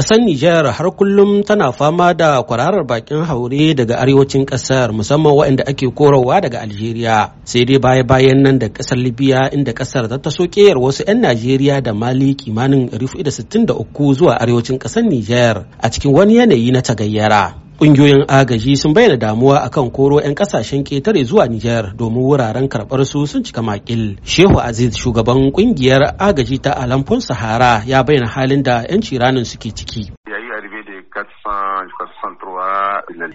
Kasar Nijar har kullum tana fama da kwararar bakin haure daga arewacin kasar musamman waɗanda ake korowa daga Algeria. Sai dai baya bayan nan da kasar Libya inda kasar ta taso ƙeyar wasu 'yan Najeriya da Mali kimanin 63 zuwa arewacin kasar Nijar a cikin wani yanayi na tagayyara. Ƙungiyoyin agaji sun bayyana damuwa akan koro 'yan kasashen ketare zuwa Nijar domin wuraren karɓar su sun cika makil. Shehu Aziz shugaban ƙungiyar agaji ta Alamfon Sahara ya bayyana halin da 'yan ciranin suke ciki.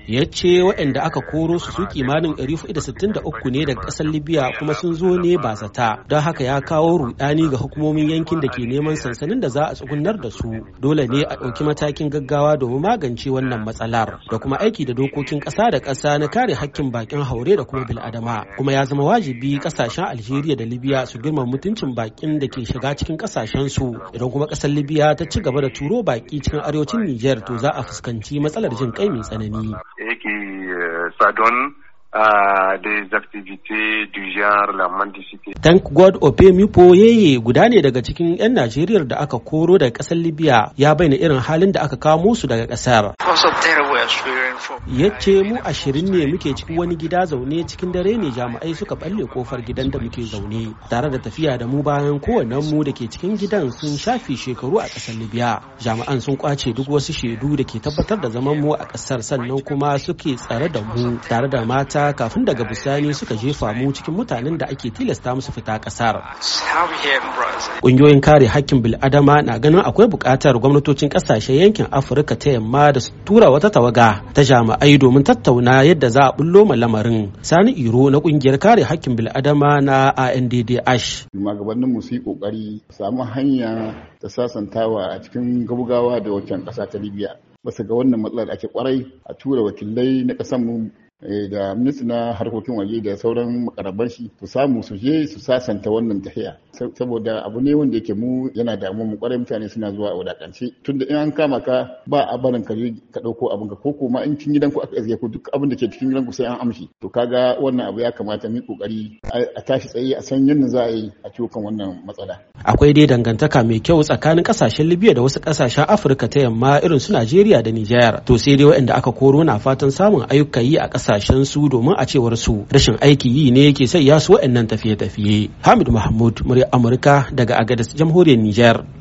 Ya ce waɗanda aka koro su su kimanin 463 ne daga ƙasar Libya kuma sun zo ne ba zata don haka ya kawo rudani ga hukumomin yankin da ke neman sansanin da za a tsugunar da su dole ne a ɗauki matakin gaggawa domin magance wannan matsalar da kuma aiki da dokokin ƙasa da ƙasa na kare hakkin bakin haure da kuma bil'adama kuma ya zama wajibi ƙasashen Algeria da Libya su girma mutuncin bakin da ke shiga cikin ƙasashen su idan kuma ƙasar Libya ta ci gaba da turo baki cikin arewacin Niger to za a fuskanci matsalar jin kai mai tsanani. Yake eh, sadon ah, des activités du genre la mendicité. Thank God Opemipo Yeye guda ne daga cikin 'yan Najeriya da aka koro daga ƙasar Libya ya bayyana irin halin da aka kamo su daga ƙasar. yace mu ashirin ne muke cikin wani gida zaune cikin dare ne jami'ai suka balle kofar gidan da muke zaune tare da tafiya da mu bayan kowanne mu da ke cikin gidan sun shafi shekaru a ƙasar Libya. Jami'an sun kwace duk wasu shaidu da ke tabbatar da zaman mu a ƙasar sannan kuma suke tsare da mu tare da mata kafin daga daga bisani suka jefa mu cikin mutanen da ake tilasta musu fita kasar ƙungiyoyin kare hakkin bil'adama na ganin akwai buƙatar gwamnatocin ƙasashen yankin afirka ta yamma da su tura wata tawaga ta jami'ai domin tattauna yadda za a bullo ma lamarin sani iro na ƙungiyar kare hakkin bil'adama na anddh. magabannin mu su yi ƙoƙari samu hanya ta sasantawa a cikin gabugawa da wancan ƙasa ta libya basu ga wannan matsalar ake kwarai a tura wakilai na ƙasar mu Eh, da na harkokin waje da sauran makarabar shi su samu su je su sasanta wannan tahiya saboda abu ne wanda yake mu yana damu mu kwarai mutane suna zuwa a wadakance tunda in an kama ka ba a barin ka je ka dauko abin ka ko kuma in cikin gidanku aka ajiye ku duk abin da ke cikin gidan ku sai an amshi to kaga wannan abu ya kamata mu kokari a tashi tsaye a san yadda za a yi a ciwo kan wannan matsala akwai dai dangantaka mai kyau tsakanin kasashen Libya da wasu kasashen Afirka ta yamma irin su Najeriya da Nijar to sai dai waɗanda aka koro na fatan samun ayyuka yi a kasashen su domin a cewar su rashin aiki yi ne yake sai ya su waɗannan tafiye-tafiye. Hamid Mahmud, murya Amurka daga Agadez, Jamhuriyar Nijar.